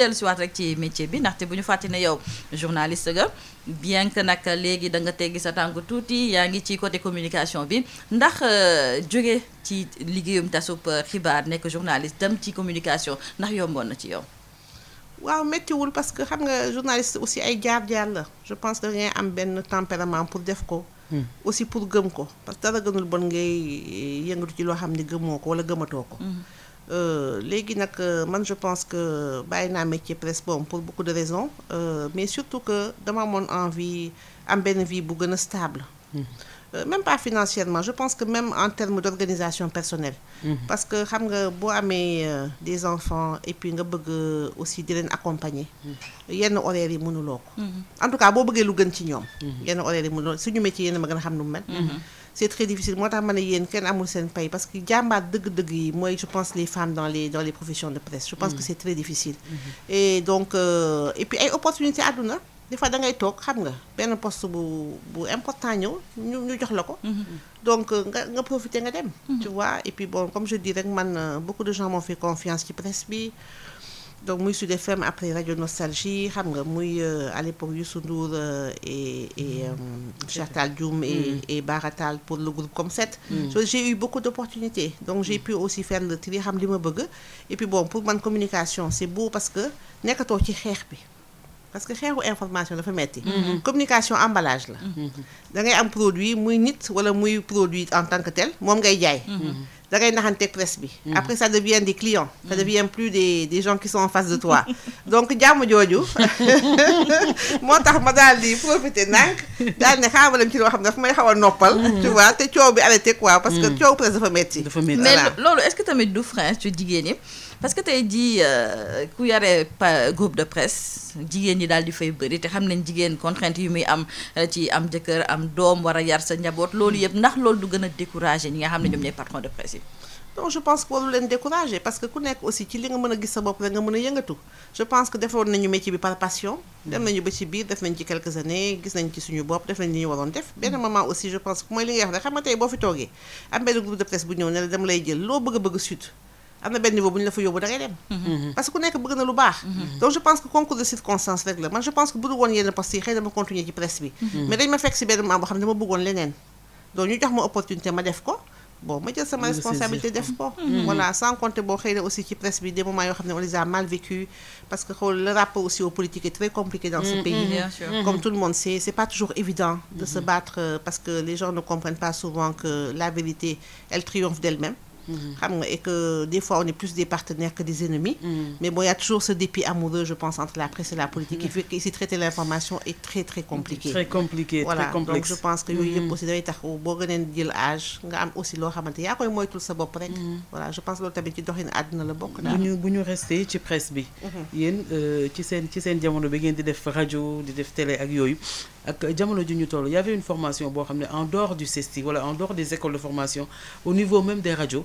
dellu si waat rek ci métier bi ndaxte bu ñu fàttee ne yow journaliste nga bien que nag léegi da nga teggi sa tànk tuuti yaa ngi ci côté communication bi ndax euh, jóge ci liggéeyum tasub xibaar nekk journaliste dem ci communication ndax yomboon na ci yow. waaw méttiwul parce que xam nga journaliste aussi ay jaar-jaar la je pense que dangay am benn tempérament pour def ko. Hmm. aussi pour gëm ko parce que dara gënul bon ngay euh, yëngatu ci loo xam ne gëmoo ko wala gëmatoo ko. Hmm. Euh, léegi nag euh, man je pense que bàyyi naa métier presse boobu pour beaucoup de raisons euh, mais surtout que dama moon envie am vie bu gën a stable. Mmh. Euh, même pas financièrement je pense que même en termes d'organisation personnelle mm -hmm. parce que xam nga boo amee euh, des enfants et puis nga bëgg euh, aussi di leen accompagner mhm. yenn horaires yi mënuloo ko mhm. en tout cas boo bëggee lu gën ci ñoom mhm. yenn horaires yi mënuloo suñu métier yéen a ma gën a xam nu mel c' très difficile moo tax ma ne yéen kenn amul seen pay parce que jàmbaar dëgg-dëgg yi mooy je pense les femmes dans les dans professions de presse je pense que c' est donc euh, et puis des fois da ngay toog xam nga benn post bu bu important ñëw ñu ñu jox la ko. Mhm. donc euh, nga nga profité nga dem. Mhm. tu vois et puis bon comme je dis rek man euh, beaucoup de gens m'ont fait ci presse bi. donc muy Sud FM après rajo Nostalgie xam nga muy euh, à l'époque Youssou Ndour et et mhm. Cheikh pour le groupe comme set so j'ai eu beaucoup d'opportunités donc j'ai pu aussi faire le tri xam li ma bëgg et puis bon pour man communication c'est beau parce que nekkatoo ci xeex bi parce que xeexu information dafa metti mm-hmm. communication emballage la mm-hmm. da am produit muy nit wala muy produit en tant que tel moom ngay jaay mm-hmm. da ngay naxante presse bi après ça devient des clients ça devient plus des des gens qui sont en face de toi donc jàmm jooju moo tax ma daal di profité ndànk daal ne xaabalam ci loo xam ne dafa may xaw a noppal. Mm-hmm. tu vois te coow bi arrêté quoi. parce que mm. coow presque dafa métti. dafa métti mais loolu est-ce que tamit du frein ci jigéen ñi parce que tey jii euh, ku yare groupe de presse jigéen ñi daal di fay bëri te xam nañ jigéen contrainte yi muy am euh, ci am jëkkër am doom war a yar sa njaboot loolu yëpp ndax loolu du gën a découragé ñi nga xam ne ñoom ñooy patron de presse yi. donc je pense que waru leen décourager parce que ku nekk aussi ci li nga mën a gis sa bopp rek nga mën a yëngatu je pense que defoon nañu métier bi par passion dem nañu ba ci biir def nañ ci quelques années gis nañ ci suñu bopp def nañ waroon def benn moment aussi je pense que mooy li ngay wax rek xam nga tey boo fi toogee am benn groupe de presse bu ñëw ne la lay jël loo bëgg a bëgg suite am na benn niveau bu ñu la fa yóbbu da dem mm-hmm. parce bon ma jël sama responsabilité def ko mhm. mhm. voilà sans compter boo xëy na aussi ci presse bi des moments yoo xam ne on les a mal vécu parce que xool le rapport aux politiques est très compliqué dans ce mhm, pays comme tout le monde sait c'est pas toujours évident de se battre euh, parce que les gens ne comprennent pas souvent que la vérité elle triomphe d'elle-même Mm-hmm. xam nga et que des fois on est plus des partenaires que des ennemis. Mm-hmm. mais bon il toujours ce dépit amoureux je pense entre la presse et la politique. qui mm-hmm. fait que ici traiter l'information est très très compliqué. très compliqué je pense que yooyu yëpp aussi dafay tax boo gëneen jël âge nga am aussi loo xamante yaa koy moytul sa bopp rek. voilà je pense loolu tamit ci doxin àdduna la bokk. daal bu ñu bu ci presse bi. yéen euh, ci seen ci seen jamono bi ngeen di def rajo di def télé ak yooyu ak jamono ju ñu toll formation boo xam ne en dehors du CESTI wala en dehors des au niveau même des rajo.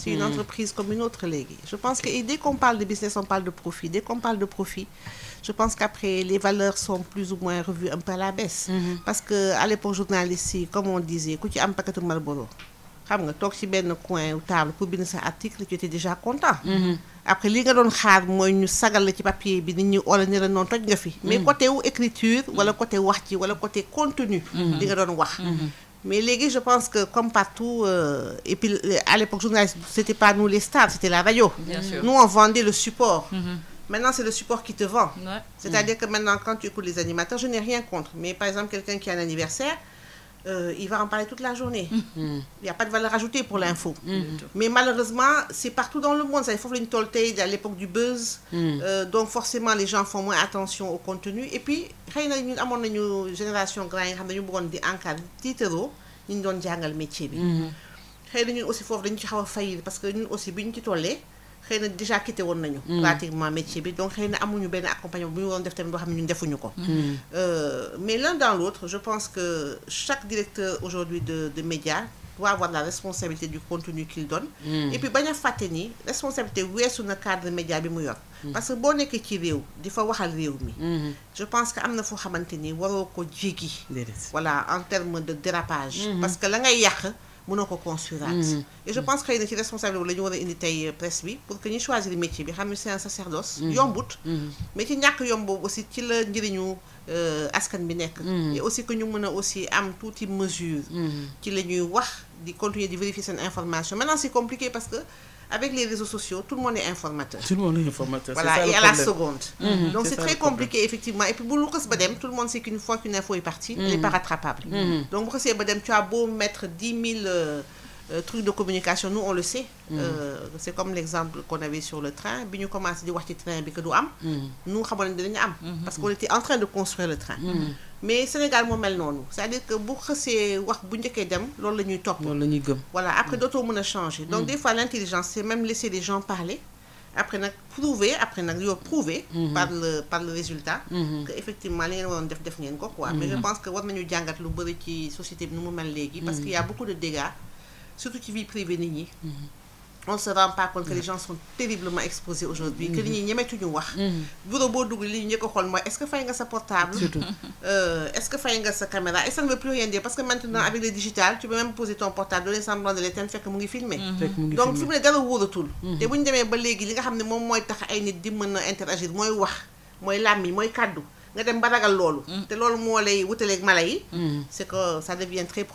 C'est une hmm. entreprise comme une autre léegi je pense que et dès qu'on parle de business on parle de profit dès qu'on parle de profit je pense qu'après les valeurs sont plus ou moins revues à la baisse. Hmm. parce que à l'époque journaliste yi comme on disait ku ci am paquetu Marlboro xam nga toog ci benn coin ou table pour bind sa article tu étais déjà content. Hmm. après li nga doon xaar mooy ñu sagal la ci papier bi nit ñi wala ni la noonu toj nga fi. mais côté wu écriture wax ci wala côté contenu. li nga doon wax. mais léegi je pense que comme partout euh, et puis euh, à l'époque journaliste c'était pas nous les stars c'était la radio Bien sûr. nous on vendait le support mm -hmm. Maintenant, c'est le support qui te vend. Ouais. C'est-à-dire mmh. que maintenant, quand tu écoutes les animateurs, je n'ai rien contre. Mais par exemple, quelqu'un qui a un anniversaire, Euh, il va en parler toute la journée. Mm. Mm. Il n'y a pas de valeur ajoutée pour l'info. Mm. Mais malheureusement, c'est partout dans le monde. Ça, il faut une tolteille à l'époque du buzz. Euh, donc forcément, les gens font moins attention au contenu. Et puis, xëy na ñun amoon nañu génération grand yi nga xam ne ñu bëggoon di encadre tiitaroo ñu doon jàngal métier bi. xëy na ñun aussi foofu dañu ci xaw a faillir parce que ñun aussi bi ñu ci tollee. xëy na déjà quitté woon nañu. Mm. pratiquement métier bi donc xëy na amuñu benn accompagnement bu ñu waroon def tamit boo xam ne ñun defuñu ko. Mm. Euh, mais l'un dans l'autre je pense que chaque directeur aujourd'hui de de média doit avoir la responsabilité du contenu qu'il donne. Mm. et puis bañ a fàtte ni responsabilité weesu na cadre média bi mu yor. parce que boo nekkee ci réew di fa waxal réew mi. Mm-hmm. je pense que am na foo xamante ni waroo ko jéggi. voilà en terme de dérapage. Mm-hmm. parce que la ngay yàq. mënoo ko construiraat. Mhm. et je pense xëy na ci responsable bi la ñu war a indi tey euh, presse bi pour que ñu choisir métier bi xam ne c'est un sacerdoce. Mhm. yombut. Mhm. mais ci ñàkk yomb boobu aussi ci la njëriñu euh, askan bi nekk. aussi que ñu mën a aussi am tuuti mesure. ci la ñuy wax di continuer di vérifier seen information maintenant c'est compliqué parce que. avec les réseaux sociaux, tout le monde est informateur. Tout le monde est informateur. Voilà, est ça, et à la seconde. Mm -hmm. Donc c'est très compliqué, effectivement. Et puis, tout le monde sait qu'une fois qu'une info est partie, mm -hmm. elle n'est mhm. pas rattrapable. Mm -hmm. Donc, tu as beau mettre 10 000. Euh, Euh, truc de communication nous on sait. Mm. Euh, c'est comme l'exemple qu'on avait sur le train bi ñu commencé di wax ci train bi que du am. Mm. nous xamoon nañ dinañu am. Mm-hmm. parce qu'on était en train de construire le train. Mm-hmm. mais Sénégal moo mel noonu c'est-à-dire que bu xësee wax bu njëkkee dem loolu la ñuy topp. loolu la ñuy gëm voilà après mm. dootoo mën a changer. donc des fois l'intelligence c'est même laisser les gens parler. après nag prouver après nag yow prouver mm-hmm. par résultat que effectivement li ngeen def def ngeen ko quoi mais je pense que war nañu lu bari ci société bi nu mu mel y a beaucoup surtout ci vie privée nit ñi. Mm-hmm. on se rend pas compte que les mm-hmm. gens sont terriblement exposés aujourd'hui que nit ñi mm-hmm. ñemetuñu wax. bureau boo dugg li ñu njëkk a xool mooy est-ce que fay nga sa portable. surtout euh, est-ce que fay nga sa caméra et ça ne veut plus rien dire parce que maintenant avec le digital tu peux même poser ton portable donner semblant de l'éteindre fekk mu ngi filmé. donc fi mu wóoratul. te bu ñu demee ba léegi li nga xam ne moom mooy tax ay nit di mën a interagir mooy wax mooy làmmiñ mooy nga dem ba ragal loolu. te loolu moo lay wutaleeg mala yi. c'est que ça devient très